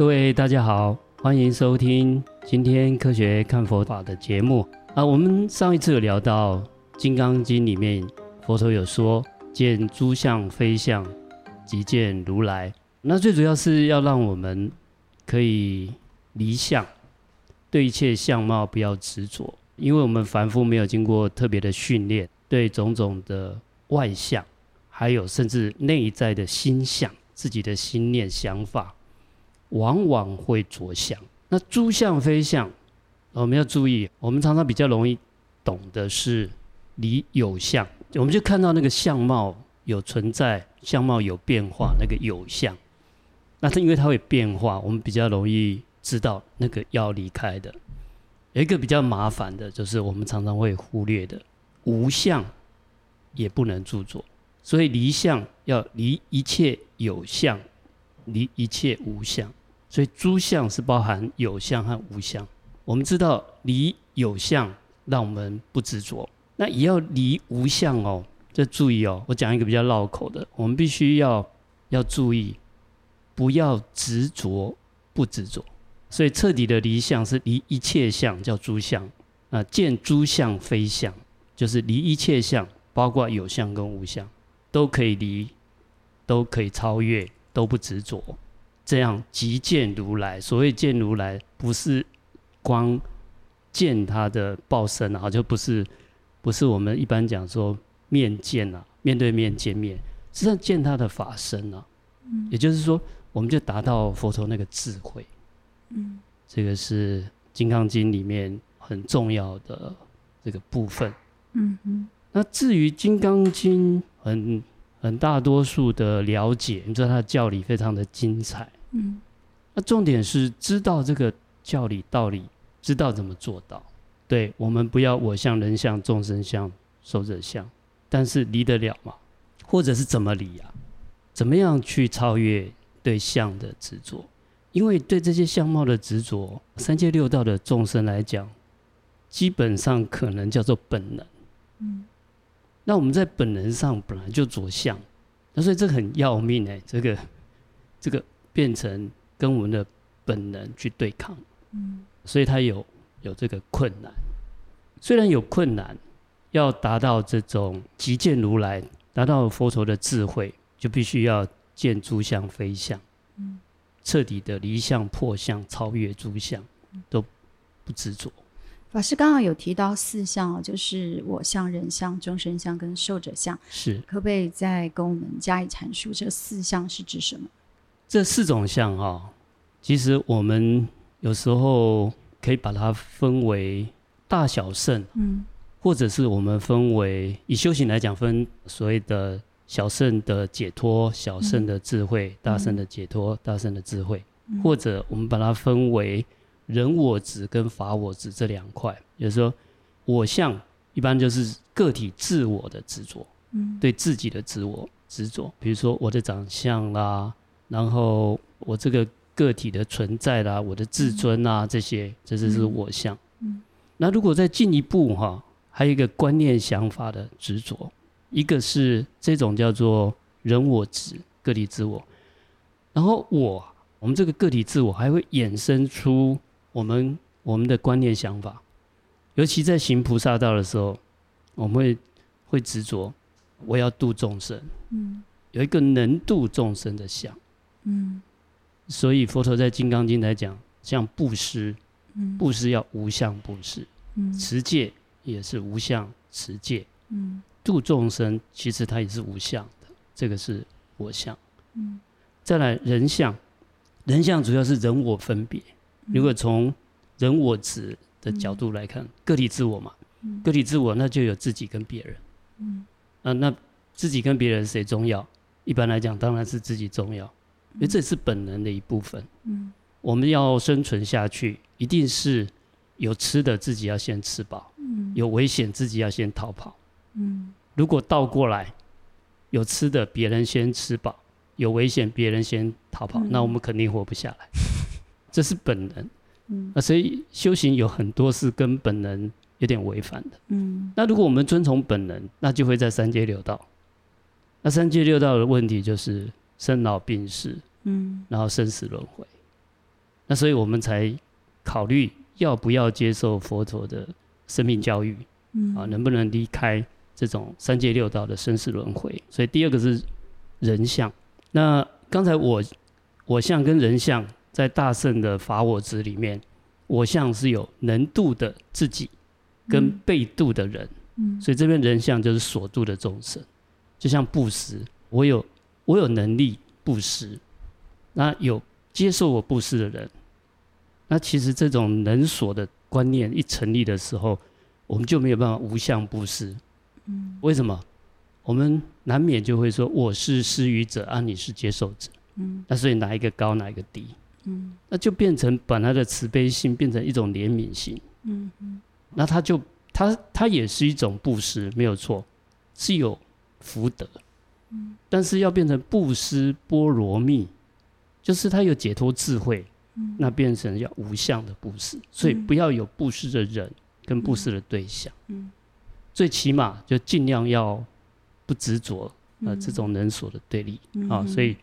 各位大家好，歡迎收聽今天科學看佛法的節目啊。我們上一次有聊到《金剛經》裡面，佛陀有說見諸相非相，即見如來。那最主要是要讓我們可以離相，對一切相貌不要執着，因為我們凡夫沒有經過特別的訓練，對種種的外相，還有甚至內在的心相，自己的心念想法。往往會着相，那諸相非相，我們要注意。我們常常比較容易懂的是，離有相，我們就看到那個相貌有存在，相貌有變化，那個有相。那它因為它會變化，我們比較容易知道那個要離開的。有一個比較麻煩的，就是我們常常會忽略的無相，也不能著作。所以離相要離一切有相，離一切無相。所以諸相是包含有相和無相。我們知道離有相讓我們不執着，那也要離無相哦。這注意哦，我講一個比較繞口的，我們必須要要注意，不要執着不執着。所以徹底的離相是離一切相，叫諸相啊。見諸相非相，就是離一切相，包括有相跟無相，都可以離，都可以超越，都不執着這樣即見如來。所謂見如來，不是光見他的報身啊，就不是不是我們一般講說面見啊，面對面見面，實際上見他的法身啊。嗯。也就是說，我們就達到佛陀那個智慧。嗯。這個是《金剛經》裡面很重要的這個部分。嗯哼。那至於《金剛經》很很大多數的了解，你知道它的教理非常的精彩。嗯，那、啊、重點是知道這個教理道理，知道怎麼做到。對我們不要我相人相眾生相壽者相，但是離得了嗎？或者是怎麼離啊？怎麼樣去超越對相的執着？因為對這些相貌的執着，三界六道的眾生來講，基本上可能叫做本能。嗯，那我們在本能上本來就着相，那所以這個很要命哎、欸，這個這個。變成跟我們的本能去對抗，嗯、所以他有有這個困難。雖然有困難，要達到這種即見如來，達到佛陀的智慧，就必須要見諸相非相，徹、嗯、底的離相破相，超越諸相，嗯、都不執着。法師剛好有提到四相，就是我相、人相、眾生相跟壽者相，是，可不可以再跟我們加以闡述？這四相是指什麼？這四種相哈、哦，其實我們有時候可以把它分為大小聖，嗯、或者是我們分為以修行來講分所謂的小聖的解脫、小聖的智慧、嗯、大聖的解脫、嗯、大聖的智慧，嗯、或者我們把它分為人我執跟法我執這兩塊，就是說我相一般就是個體自我的執着，對自己的自我執着，嗯、比如說我的長相啦。然後我這個個體的存在啦、啊，我的自尊啊，嗯、這些，這就是我相。嗯、那如果再進一步哈、啊，還有一個觀念想法的執着，一個是這種叫做人我執，個體自我。然後我，我們這個個體自我還會衍生出我們我們的觀念想法，尤其在行菩薩道的時候，我們會會執着我要度眾生，嗯、有一個能度眾生的相。嗯，所以佛陀在《金剛經》來講，像布施，嗯，布施要無相布施，嗯，持戒也是無相持戒，嗯，度眾生其實它也是無相的，這個是我相，嗯，再來人相，人相主要是人我分別。嗯，如果從人我執的角度來看，嗯，個體自我嘛，嗯，個體自我那就有自己跟別人，嗯，啊，那自己跟別人誰重要？一般來講，當然是自己重要。因為這是本能的一部分，我們要生存下去，一定是有吃的自己要先吃飽，有危險自己要先逃跑，如果倒過來，有吃的別人先吃飽，有危險別人先逃跑，那我們肯定活不下來，這是本能，那所以修行有很多是跟本能有點違反的，那如果我們遵從本能，那就會在三界六道，那三界六道的問題就是。生老病死，嗯，然後生死輪迴，那所以我們才考慮要不要接受佛陀的生命教育，嗯，啊，能不能離開這種三界六道的生死輪迴？所以第二個是人相。那剛才我我相跟人相在大乘的法我執裡面，我相是有能度的自己跟被度的人，嗯，嗯，所以這邊人相就是所度的眾生，就像布施，我有。我有能力布施，那有接受我布施的人，那其實這種能所的觀念一成立的時候，我們就沒有辦法無相布施。嗯，為什麼？我們難免就會說我是施予者，啊你是接受者。嗯，那所以哪一個高哪一個低？嗯，那就變成把他的慈悲心變成一種憐憫心。嗯哼，那他就他他也是一種布施，沒有錯，是有福德。嗯、但是要變成布施波羅蜜，就是他有解脫智慧，嗯、那變成要無相的布施，所以不要有布施的人跟布施的對象。最、嗯、起碼就盡量要不執着、呃、這種能所的對立，嗯、啊，所以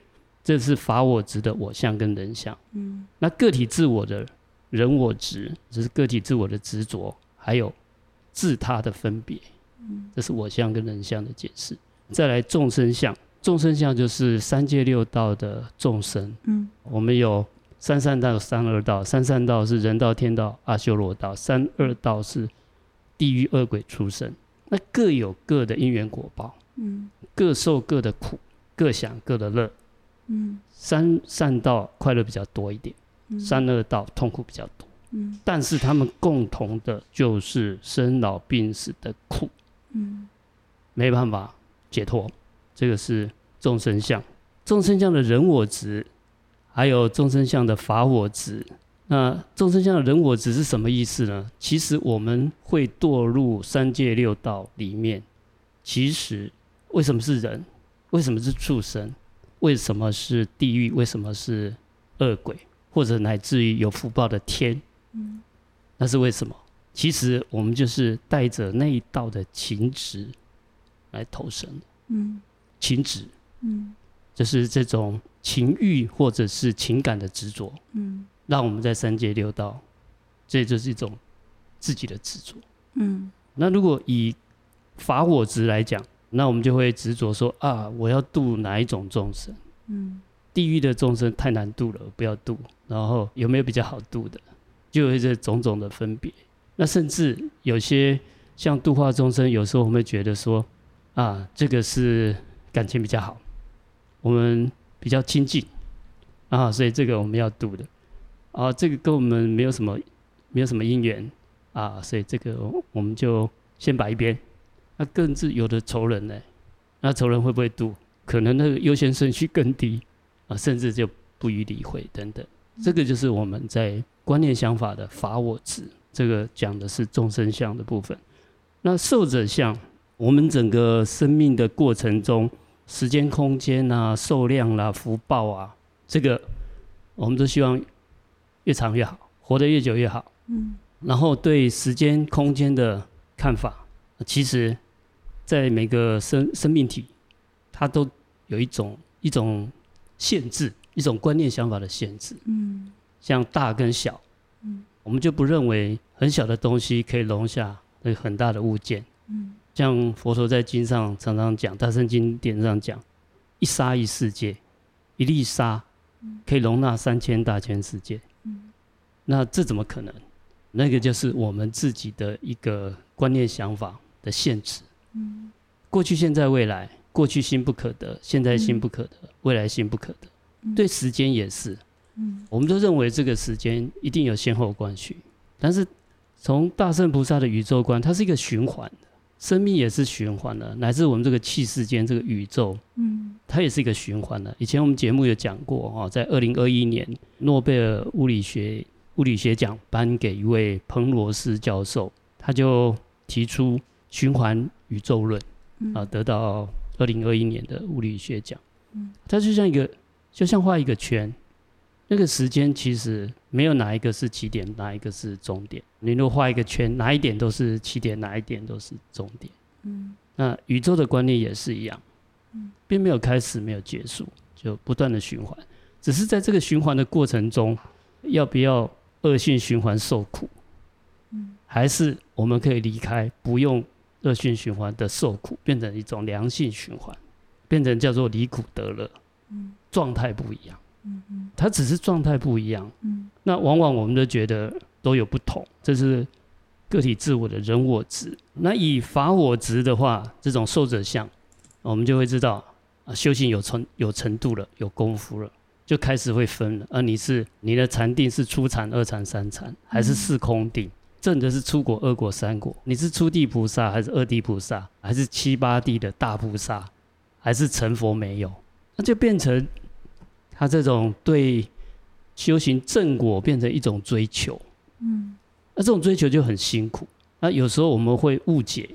這是法我執的我相跟人相。嗯、那個體自我的人我執，這，就是個體自我的執着，還有自他的分別。這是我相跟人相的解釋。再來眾生相，眾生相就是三界六道的眾生。嗯，我們有三善道、三惡道。三善道是人道、天道、阿修羅道；三惡道是地獄、惡鬼、畜生。那各有各的因緣果報，嗯，各受各的苦，各享各的樂。嗯，三善道快樂比較多一點，嗯，三惡道痛苦比較多。嗯，但是他們共同的就是生老病死的苦。嗯，沒辦法。解脫，這個是眾生相。眾生相的人我執，還有眾生相的法我執。那眾生相的人我執是什麼意思呢？其實我們會墮入三界六道裡面。其實為什麼是人？為什麼是畜生？為什麼是地獄？為什麼是惡鬼？或者乃至於有福報的天？嗯，那是為什麼？其實我們就是帶着那一道的情執。來投生，嗯，情執，嗯，就是這種情欲或者是情感的執着，嗯，讓我們在三界六道，這就是一種自己的執着，嗯。那如果以法我執來講，那我們就會執着說啊，我要度哪一種眾生，嗯，地獄的眾生太難度了，我不要度。然後有沒有比較好度的？就有這種種的分別。那甚至有些像度化眾生，有時候我們會覺得說。啊，這個是感情比較好，我們比較親近啊，所以這個我們要度的啊，這個跟我們沒有什麼沒有什麼因緣啊，所以這個我們就先擺一邊。那、啊、更自由的仇人呢、欸？那仇人會不會度？可能那個優先順序更低啊，甚至就不予理會等等。這個就是我們在觀念想法的法我執，這個講的是眾生相的部分。那受者相。我們整個生命的過程中，時間、空間啊，壽量啊、福報啊，這個我們都希望越長越好，活得越久越好。嗯。然後對時間、空間的看法，其實，在每個生生命體，它都有一種一種限制，一種觀念想法的限制。嗯。像大跟小，嗯，我們就不認為很小的東西可以容下那很大的物件。嗯。像佛陀在經上常常講，大乘經典上講，一沙一世界，一粒沙可以容納三千大千世界。嗯、那這怎麼可能？那個就是我們自己的一個觀念想法的限制。嗯、過去、現在、未來，過去心不可得，現在心不可得，未來心不可得。嗯、對時間也是，嗯、我們都認為這個時間一定有先後關係，但是從大乘菩薩的宇宙觀，它是一個循環。生命也是循環的，乃至我們這個器世間這個宇宙，嗯，它也是一個循環的。以前我們節目有講過，哦，在二零二一年，諾貝爾物理學物理學獎頒給一位彭羅斯教授，他就提出循環宇宙論，啊，得到二零二一年的物理學獎。嗯，它就像一個，就像畫一個圈。那個時間其實沒有哪一個是起點，哪一個是終點。你如果畫一個圈，哪一點都是起點，哪一點都是終點。嗯，那宇宙的觀念也是一樣。嗯，並沒有開始，沒有結束，就不斷的循環。只是在這個循環的過程中，要不要惡性循環受苦？嗯，還是我們可以離開，不用惡性循環的受苦，變成一種良性循環，變成叫做離苦得樂。嗯，狀態不一樣。它他只是狀態不一樣。嗯、那往往我們都覺得都有不同，這是個體自我的人我執。那以法我執的話，這種受者相，我們就會知道啊，修行有成有程度了，有功夫了，就開始會分了。而、啊、你是你的禪定是初禪、二禪、三禪，還是四空定？嗯、證的是初果、二果、三果？你是初地菩薩，還是二地菩薩，還是七八地的大菩薩，還是成佛沒有？那就變成。他這種對修行正果變成一種追求，嗯，那這種追求就很辛苦。那有時候我們會誤解，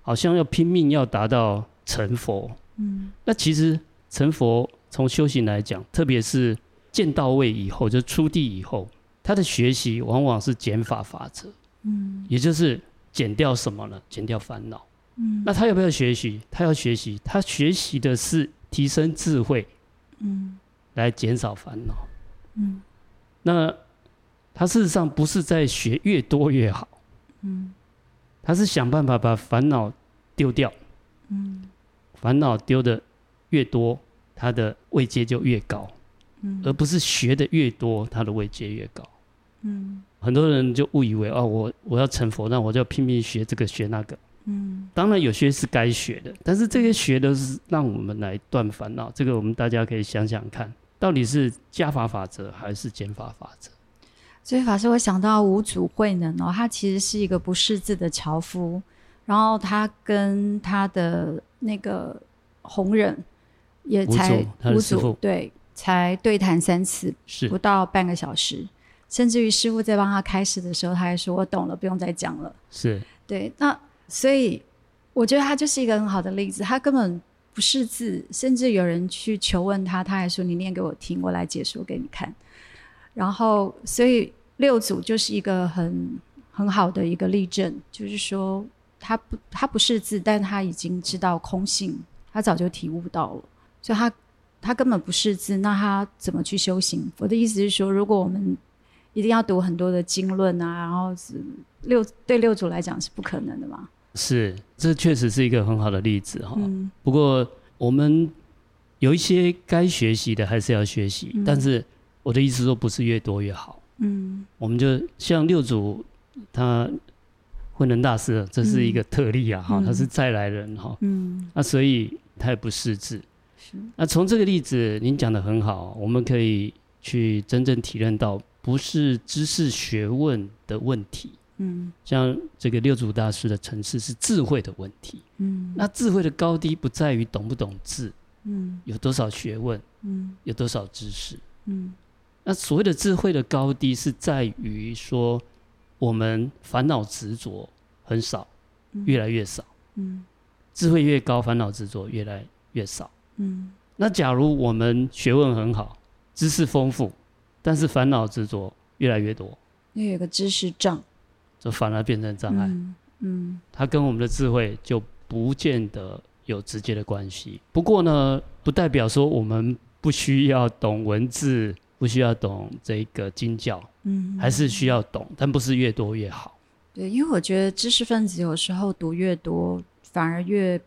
好像要拼命要達到成佛，嗯，那其實成佛從修行來講，特別是見道位以後，就是、初地以後，他的學習往往是減法法則，嗯，也就是減掉什麼呢？減掉煩惱，嗯，那他要不要學習？他要學習，他學習的是提升智慧，嗯。來減少煩惱。嗯，那他事實上不是在學越多越好。嗯，他是想辦法把煩惱丟掉。嗯，煩惱丟的越多，他的位階就越高。嗯，而不是學的越多，他的位階越高。嗯，很多人就誤以為啊、哦，我我要成佛，那我就拼命學這個學那個。嗯，當然有些是該學的，但是這些學都是讓我們來斷煩惱。這個我們大家可以想想看。到底是加法法則還是減法法則？所以法師，我想到五祖慧能哦、喔，他其實是一個不識字的樵夫，然後他跟他的那個弘忍也才五祖對才對談三次，是不到半個小時，是甚至於師父在幫他開示的時候，他還說：“我懂了，不用再講了。”是，對。那所以我覺得他就是一個很好的例子，他根本。不識字，甚至有人去求問他，他還說：“你念給我聽，我來解說給你看。”然後，所以六祖就是一個很很好的一個例證，就是說他不他不識字，但他已經知道空性，他早就體悟到了。所以他，他他根本不識字，那他怎麼去修行？我的意思是說，如果我們一定要讀很多的經論啊，然後是六對六祖來講是不可能的嘛。是，這確實是一個很好的例子哈、哦。嗯、不過我們有一些該學習的還是要學習，嗯、但是我的意思說不是越多越好。嗯，我們就像六祖他慧能大師，這是一個特例啊哈、哦，嗯、他是再來人哈、哦。嗯，那所以他也不識字。是那從這個例子，您講得很好，我們可以去真正體認到，不是知識學問的問題。嗯，像這個六祖大師的層次，是智慧的問題。嗯，那智慧的高低不在於懂不懂字，嗯，有多少學問，嗯，有多少知識，嗯，那所謂的智慧的高低是在於說我們煩惱執着很少，越來越少，嗯，嗯，智慧越高，煩惱執着越來越少，嗯，那假如我們學問很好，知識豐富，但是煩惱執着越來越多，那有一個知識障，就反而變成障礙。嗯，嗯，它跟我們的智慧就不見得有直接的關係。不過呢，不代表說我們不需要懂文字，不需要懂這一個經教，嗯哼，還是需要懂，但不是越多越好。對，因為我覺得知識分子有時候讀越多，反而越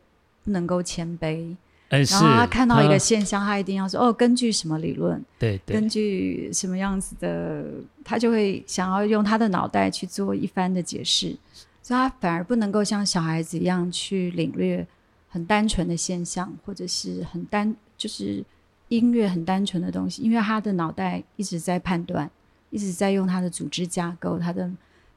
不能夠謙卑。然後他看到一個現象，欸、他，他一定要說：“哦，根據什麼理論？對，對，根據什麼樣子的？他就會想要用他的腦袋去做一番的解釋，所以他反而不能夠像小孩子一樣去領略很單純的現象，或者是很單，就是音樂很單純的東西，因為他的腦袋一直在判斷，一直在用他的組織架構、他的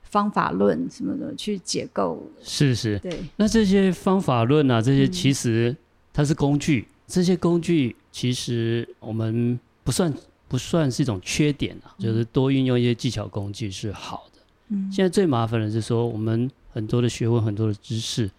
方法論什麼的去解構。是是，對。那這些方法論啊，這些其實。嗯它是工具，這些工具其實我們不算不算是一種缺點啊，嗯、就是多運用一些技巧工具是好的。嗯，現在最麻煩的是說，我們很多的學問、很多的知識，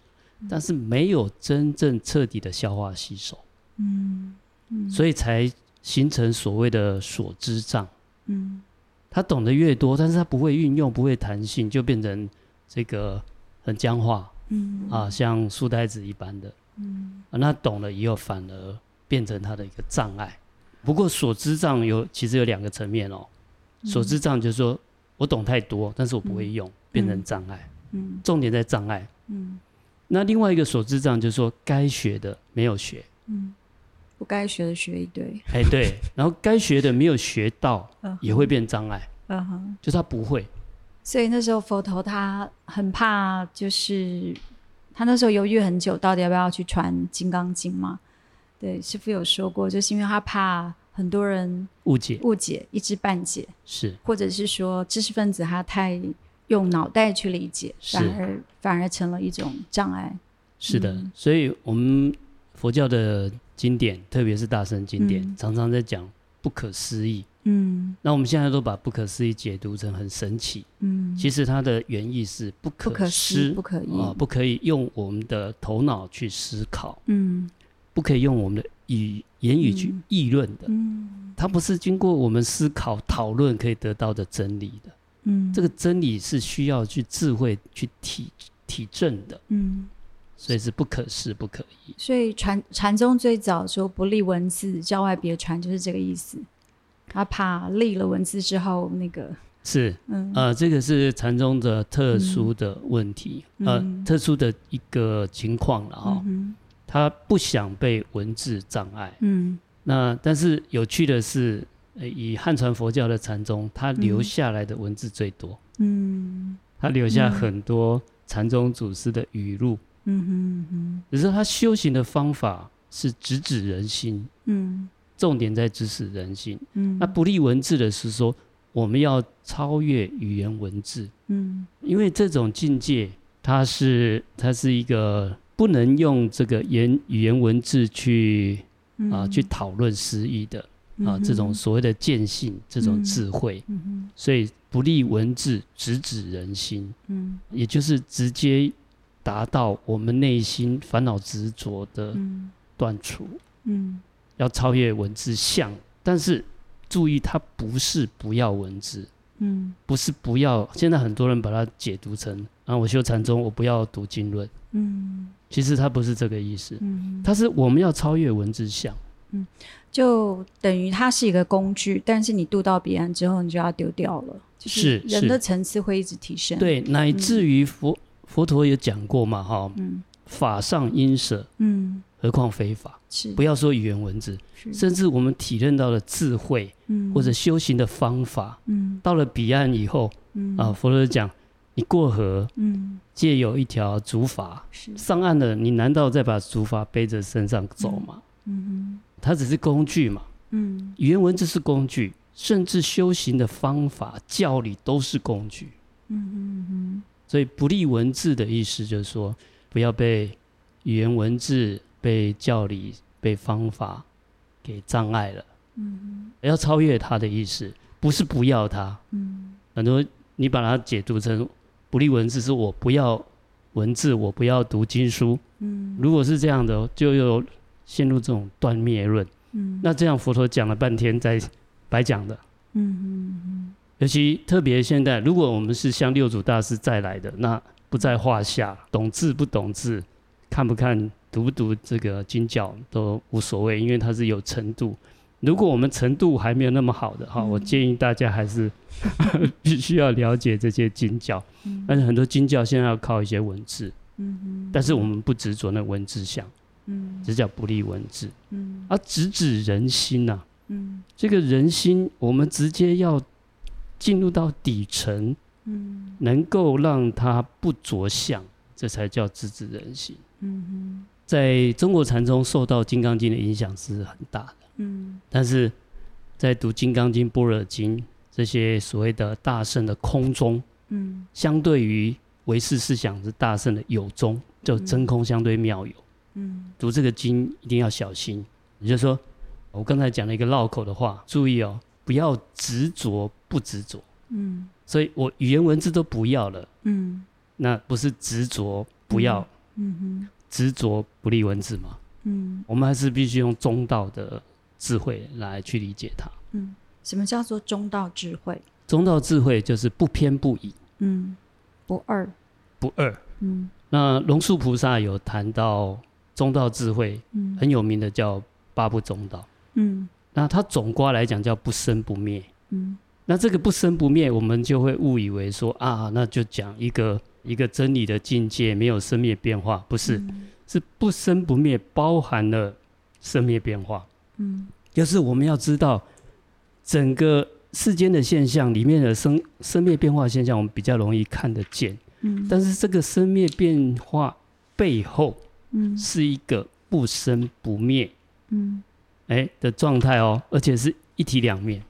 但是沒有真正徹底的消化吸收、嗯。嗯，所以才形成所謂的“所知障”。嗯，他懂得越多，但是他不會運用，不會彈性，就變成這個很僵化。嗯啊，像書呆子一般的。嗯、啊，那懂了以後反而變成他的一個障礙。不過所知障有其實有兩個層面哦、喔。嗯、所知障就是說我懂太多，但是我不會用，嗯、變成障礙、嗯。嗯，重點在障礙。嗯，那另外一個所知障就是說該學的沒有學。嗯，不該學的學一堆。哎，欸、對。然後該學的沒有學到，也會變障礙、 嗯。嗯哼，就是他不會。所以那時候佛陀他很怕，就是。他那時候猶豫很久，到底要不要去傳《金剛經》嘛？對，師父有說過，就是因為他怕很多人誤解，誤解，一知半解，是，或者是說知識分子他太用腦袋去理解，反而反而成了一種障礙。是，嗯、是的，所以我們佛教的經典，特別是大乘經典，嗯、常常在講不可思議。嗯，那我們現在都把不可思議解讀成很神奇，嗯，其實它的原意是不可思、不可、不可議，嗯，不可以用我們的頭腦去思考，嗯，不可以用我們的語言語去議論的，嗯，它不是經過我們思考討論可以得到的真理的，嗯，這個真理是需要去智慧去體體證的，嗯，所以是不可思、不可議，所以禪禪宗最早說不立文字，教外別傳，就是這個意思。他怕立了文字之後那個是，嗯、呃，這個是禪宗的特殊的問題，嗯、呃，嗯、特殊的一個情況了哈。嗯、哼他不想被文字障礙。嗯。那但是有趣的是，呃、以漢傳佛教的禪宗，他留下來的文字最多。嗯。他留下很多禪宗祖師的語錄。嗯哼，嗯哼。只是他修行的方法是直指人心。嗯。重點在直指人心。嗯，那不立文字的是說，我們要超越語言文字。嗯，因為這種境界，它是它是一個不能用這個言語言文字去啊去討論思議的啊，的啊嗯、哼這種所謂的見性，這種智慧。嗯，嗯，所以不立文字，直指人心。嗯，也就是直接達到我們內心煩惱執着的斷除嗯。嗯。要超越文字相，但是注意，它不是不要文字，嗯，不是不要。現在很多人把它解讀成啊，我修禪宗，我不要讀經論，嗯，其實它不是這個意思，嗯，它是我們要超越文字相，嗯，就等於它是一個工具，但是你渡到彼岸之後，你就要丟掉了，就是人的層次會一直提升，對，乃至於佛、嗯、佛陀有講過嘛，哈、哦，嗯、法尚應捨，嗯，何況非法。不要說語言文字，甚至我們體認到了智慧，或者修行的方法，到了彼岸以後，啊，佛陀講，你過河，借有一條竹筏，上岸了，你難道再把竹筏背着身上走嗎？它只是工具嘛。嗯，語言文字是工具，甚至修行的方法、教理都是工具。嗯嗯，所以不立文字的意思就是說，不要被語言文字。被教理、被方法給障礙了。嗯哼，要超越他的意思，不是不要他。嗯，很多你把它解讀成不立文字，是我不要文字，我不要讀經書。嗯，如果是這樣的，就又陷入這種斷滅論。嗯，那這樣佛陀講了半天，再白講的。嗯哼嗯哼，尤其特別現在，如果我們是像六祖大師再來的，那不在話下。嗯，哼懂字不懂字，看不看？讀不讀這個經教都無所謂，因為它是有程度。如果我們程度還沒有那麼好的、嗯、我建議大家還是呵呵必須要了解這些經教。嗯、但是很多經教現在要靠一些文字。嗯、哼但是我們不執着那文字相。嗯、只叫不立文字。而、嗯啊、直指人心吶、啊。嗯、這個人心，我們直接要進入到底層。嗯、能夠讓他不着相，這才叫直指人心。嗯在中國禪宗受到《金剛經》的影響是很大的，嗯，但是在讀《金剛經》《般若經》這些所謂的大乘的空宗，嗯，相對於唯識思想是大乘的有宗就真空相對妙有，嗯，讀這個經一定要小心。也、嗯、就是說，我剛才講了一個繞口的話，注意哦，不要執着不執着，嗯，所以我語言文字都不要了，嗯，那不是執着不要，嗯，嗯哼執着不立文字嘛。嗯，我們還是必須用中道的智慧來去理解它。嗯，什麼叫做中道智慧？中道智慧就是不偏不倚。嗯，不二。不二。嗯，那龍樹菩薩有談到中道智慧，嗯，很有名的叫八不中道。嗯，那它總括來講叫不生不滅。嗯，那這個不生不滅，我們就會誤以為說啊，那就講一個。一個真理的境界沒有生滅變化，不是，嗯、是不生不滅包含了生滅變化。嗯，就是我們要知道整個世間的現象裡面的生生滅變化現象，我們比較容易看得見。嗯，但是這個生滅變化背後，嗯，是一個不生不滅，嗯，哎的狀態哦，而且是一體兩面。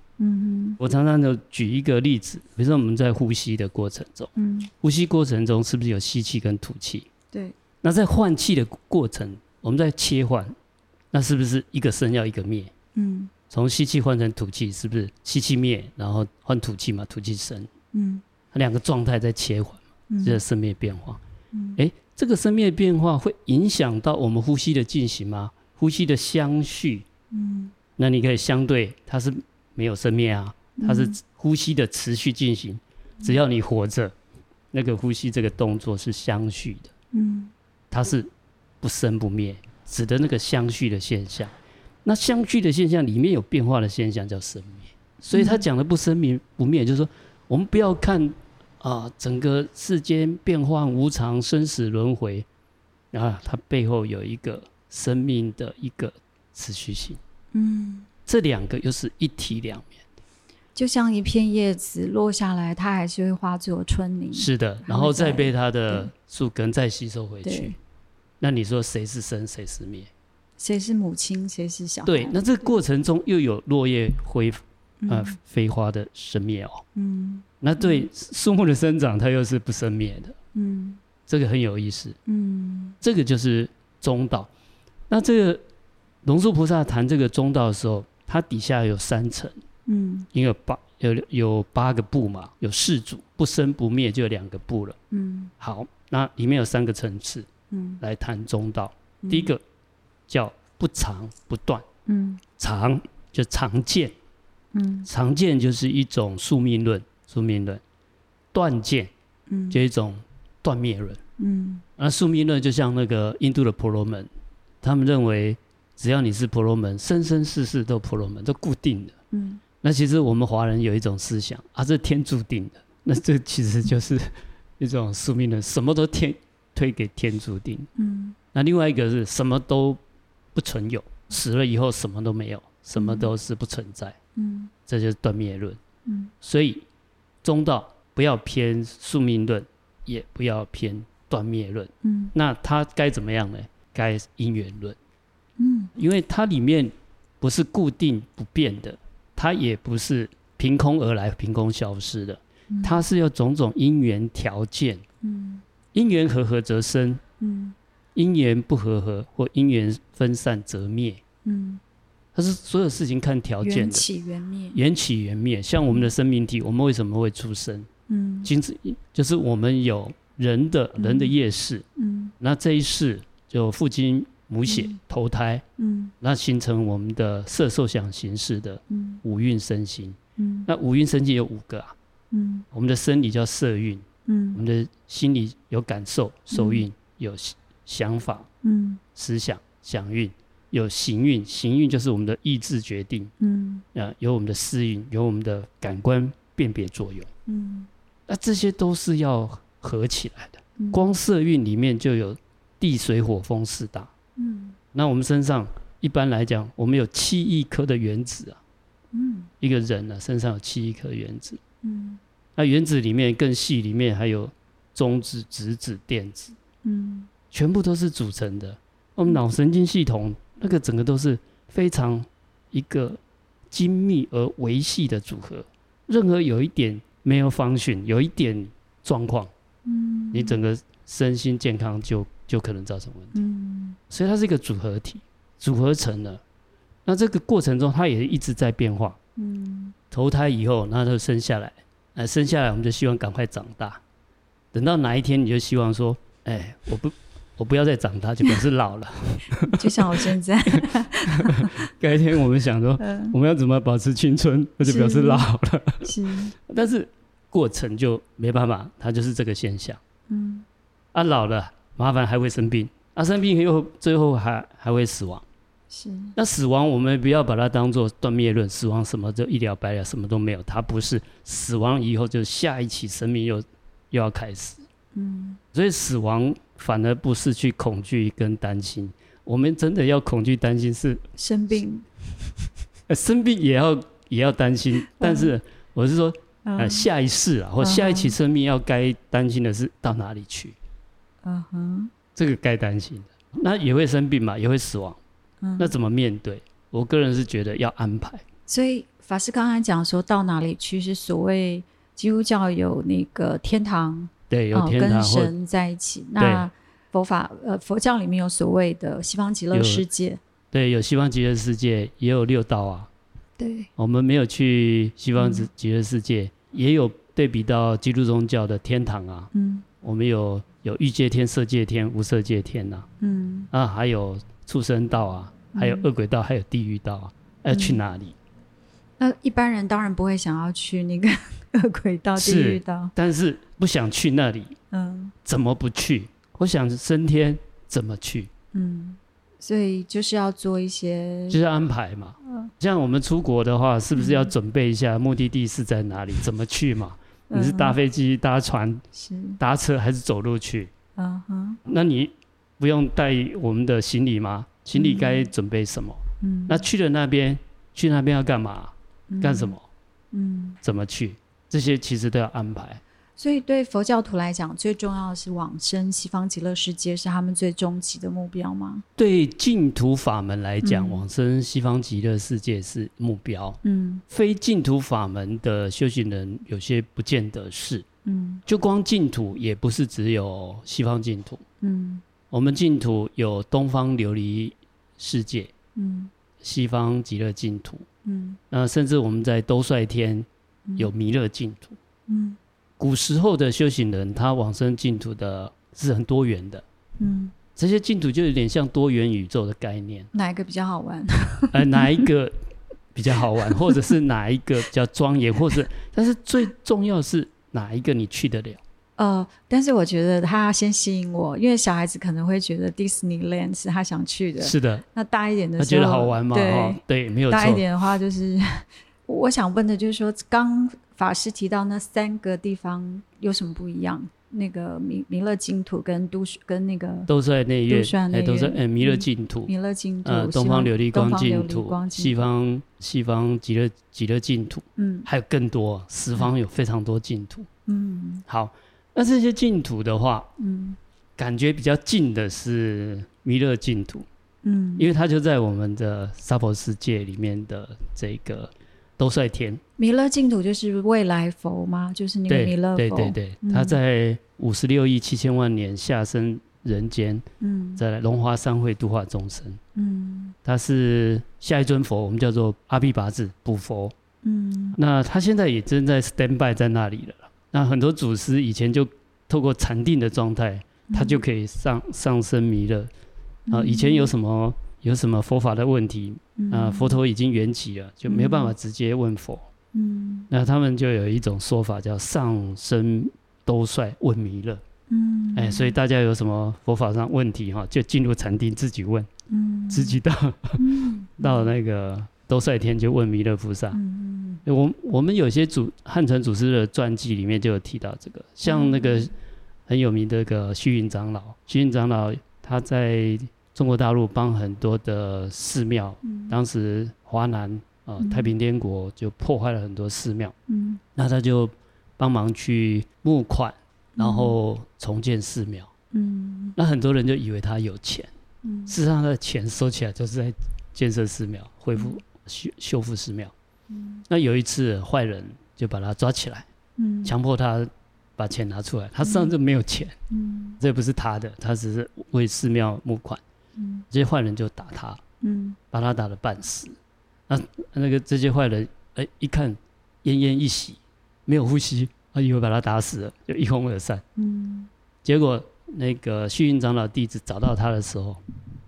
我常常就舉一個例子，比如說我們在呼吸的過程中，嗯、呼吸過程中是不是有吸氣跟吐氣？對。那在換氣的過程，我們在切換，那是不是一個生要一個滅？嗯、從吸氣換成吐氣，是不是吸氣滅，然後換吐氣嘛？吐氣生。嗯、它兩個狀態在切換這個生滅變化，哎、嗯，這個生滅變化會影響到我們呼吸的進行嗎？呼吸的相續，嗯、那你可以相對它是。沒有生滅啊，它是呼吸的持續進行。嗯、只要你活着，那個呼吸這個動作是相續的。嗯，它是不生不滅，指的那個相續的現象。那相續的現象裡面有變化的現象叫生滅，所以他講的不生滅不滅，就是說我們不要看啊、呃，整個世間變幻無常、生死輪迴啊，然後它背後有一個生命的一個持續性。嗯。這兩個又是一體兩面，就像一片葉子落下來，它還是會化作春泥，是的，然後再被它的樹根再吸收回去。那你說誰是生，誰是滅？誰是母親，誰是小孩？對，那這個過程中又有落葉灰啊、嗯呃、飛花的生滅哦。嗯，那對樹木的生長，它又是不生滅的。嗯，這個很有意思。嗯，這個就是中道。那這個龍樹菩薩談這個中道的時候。它底下有三層，嗯，因為有八有有八個部嘛，有四組不生不滅，就有兩個部了，嗯，好，那裡面有三個層次，嗯，來談中道，嗯，第一個叫不常不斷，嗯，常就常見，嗯，常見就是一種宿命論，宿命論，斷見，嗯，就一種斷滅論，嗯，那、啊、宿命論就像那個印度的婆羅門，他們認為。只要你是婆羅門，生生世世都婆羅門，都固定的。嗯，那其實我們華人有一種思想啊，這天注定的。那這其實就是一種宿命論，嗯、什麼都天推給天注定。嗯，那另外一個是什麼都不存有，死了以後什麼都沒有，什麼都是不存在。嗯，這就是斷滅論。嗯，所以中道不要偏宿命論，也不要偏斷滅論。嗯，那他該怎麼樣呢？該因緣論。嗯、因為它裡面不是固定不變的，它也不是憑空而來、憑空消失的，嗯、它是有種種因緣條件。嗯，因緣和合則生。嗯，因緣不和合或因緣分散則滅。嗯，它是所有事情看條件的。緣起緣滅，緣起緣滅。像我們的生命體，我們為什麼會出生？嗯，因此就是我們有人的人的業識。嗯，嗯那這一世就附經。母血投胎，嗯，那形成我們的色受想行識的五蘊身心，嗯，嗯那五蘊身心有五個啊，嗯，我們的生理叫色蘊，嗯，我們的心理有感受受蘊，嗯、有想法，嗯，思想想蘊，有行蘊，行蘊就是我們的意志決定，嗯，啊，有我們的思蘊，有我們的感官辨別作用，嗯，那這些都是要合起來的，嗯、光色蘊裡面就有地水火風四大。嗯，那我們身上一般來講，我們有七億顆的原子啊。嗯，一個人啊，身上有七億顆原子。嗯，那原子裡面更細裡面還有中子、質子、電子。嗯，全部都是組成的。我們腦神經系統那個整個都是非常一個精密而維繫的組合。任何有一點沒有 function，有一點狀況，嗯，你整個身心健康就就可能造成問題。嗯。所以它是一個組合體，組合成了。那這個過程中，它也一直在變化。嗯。投胎以後，那它就生下來、呃。生下來我們就希望趕快長大。等到哪一天，你就希望說：“哎、欸，我不，我不要再長大，就表示老了。” 就像我現在。改 天我們想說，呃、我們要怎麼保持青春，那就表示老了。是。是。但是過程就沒辦法，它就是這個現象。嗯。啊，老了麻煩還會生病。啊，生病，又最後還還會死亡。是那死亡，我們不要把它當做斷滅論，死亡什麼就一了百了，什麼都沒有，它不是死亡以後就下一期生命又又要開始，嗯，所以死亡反而不是去恐懼跟擔心，我們真的要恐懼擔心是生病。 生病也要也要擔心，嗯、但是我是說，嗯啊、下一世啊，或、嗯、下一期生命要該擔心的是到哪裡去，嗯哼。嗯這個該擔心的，那也會生病嘛，也會死亡，嗯、那怎麼面對？我個人是覺得要安排。所以法師剛才講說到哪裡去是所謂基督教有那個天堂，對，有天堂、哦，跟神在一起。對那佛法呃佛教裡面有所謂的西方極樂世界，對，有西方極樂世界，也有六道啊。對，我們沒有去西方極樂世界，嗯、也有對比到基督宗教的天堂啊。嗯，我們有。有欲界天、色界天、無色界天吶、啊，嗯啊，還有畜生道啊，嗯、還有惡鬼道，還有地獄道啊，要、啊嗯、去哪裡？那一般人當然不會想要去那個惡 鬼道、地獄道，但是不想去那裡，嗯，怎麼不去？我想升天，怎麼去？嗯，所以就是要做一些，就是安排嘛。嗯，像我們出國的話，是不是要準備一下目的地是在哪裡，嗯、怎麼去嘛？ 你是搭飛機、搭船、搭車還是走路去？Uh huh. 那你不用帶我們的行李嗎？行李該準備什麼？嗯，uh huh. 那去了那邊，去那邊要幹嘛？幹什麼？Uh huh. 嗯，uh huh. 怎麼去？這些其實都要安排。所以，對佛教徒來講，最重要的是往生西方極樂世界，是他們最終極的目標嗎？對淨土法門來講，嗯、往生西方極樂世界是目標。嗯，非淨土法門的修行人，有些不見得是。嗯，就光淨土也不是只有西方淨土。嗯，我們淨土有東方琉璃世界。嗯，西方極樂淨土。嗯，那甚至我們在兜率天有彌勒淨土。嗯。古時候的修行人，他往生淨土的是很多元的。嗯，這些淨土就有點像多元宇宙的概念。哪一個比較好玩？ 呃，哪一個比較好玩， 或者是哪一個比較莊嚴，或是……但是最重要是哪一個你去得了？呃，但是我覺得他先吸引我，因為小孩子可能會覺得 Disneyland 是他想去的。是的。那大一點的時候，他覺得好玩嗎？對、哦、對，沒有錯。大一點的話，就是我想問的，就是說剛。剛法師提到那三個地方有什麼不一樣？那個彌彌勒淨土跟都跟那個都在那月，都在欸，欸，彌勒淨土，嗯，彌勒淨土，呃，東方琉璃光淨土，西方西方極樂極樂淨土，嗯，還有更多十方有非常多淨土，嗯，好，那這些淨土的話，嗯，感覺比較近的是彌勒淨土，嗯，因為它就在我們的娑婆世界裡面的這個。兜率天彌勒淨土就是未來佛嗎？就是那個彌勒佛。對對對，對對對嗯、他在五十六億七千萬年下生人間，嗯，在龍華三會度化眾生，嗯，他是下一尊佛，我們叫做阿鞞跋致，補佛，嗯，那他現在也正在 stand by 在那裡了。那很多祖師以前就透過禪定的狀態，他就可以上、嗯、上生彌勒啊。以前有什麼？有什麼佛法的問題、嗯、啊？佛陀已經圓寂了，就沒有辦法直接問佛。嗯，那他們就有一種說法，叫上生兜率問彌勒。嗯，哎、欸，所以大家有什麼佛法上問題哈、啊，就進入禪定自己問。嗯，自己到、嗯、到那個兜率天就問彌勒菩薩。嗯，我我們有些主漢傳祖師的傳記裡面就有提到這個，像那個很有名的一個虛雲長老，虛雲長老他在。中國大陸幫很多的寺廟，當時華南啊，太平天國就破壞了很多寺廟，那他就幫忙去募款，然後重建寺廟。那很多人就以為他有錢，事實上他的錢收起來就是在建設寺廟、恢復修修復寺廟。那有一次壞人就把他抓起來，強迫他把錢拿出來，他事實上就沒有錢，這也不是他的，他只是為寺廟募款。這些壞人就打他，嗯、把他打了半死。嗯、那那個這些壞人，哎，一看奄奄一息，沒有呼吸，他以為把他打死了，就一鬨而散。嗯，結果那個虛雲長老弟子找到他的時候，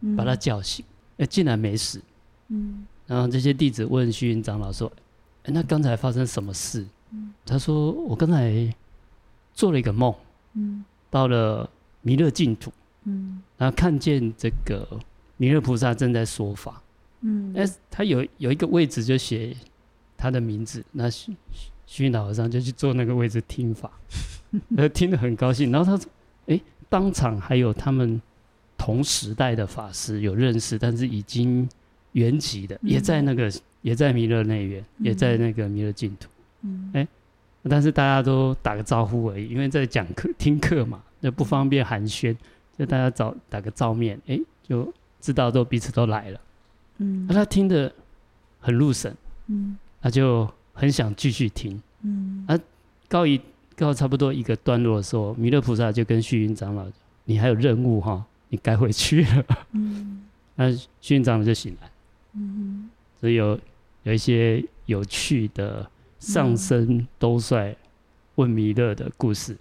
嗯、把他叫醒，哎，竟然沒死。嗯，然後這些弟子問虛雲長老說：“哎，那剛才發生什麼事？”嗯，他說：“我剛才做了一個夢，嗯，到了彌勒淨土。”然後看見這個彌勒菩薩正在說法，嗯，但是、欸、他有有一個位置就寫他的名字，那虛雲老和尚就去坐那個位置聽法， 然後聽得很高興。然後他說，哎、欸，當場還有他們同時代的法師有認識，但是已經圓寂的，嗯、也在那個也在彌勒那邊，嗯、也在那個彌勒淨土。嗯，哎、欸，但是大家都打個招呼而已，因為在講課聽課嘛，嗯、就不方便寒暄。就大家照打個照面，誒、欸，就知道都彼此都來了。嗯，那、啊、他聽得很入神，嗯，他就很想繼續聽。嗯，啊，告一告差不多一個段落的時候，彌勒菩薩就跟虛雲長老：“你還有任務哈，你該回去了。”嗯， 那虛雲長老就醒來。嗯哼，所以有有一些有趣的上生兜率問彌勒的故事。嗯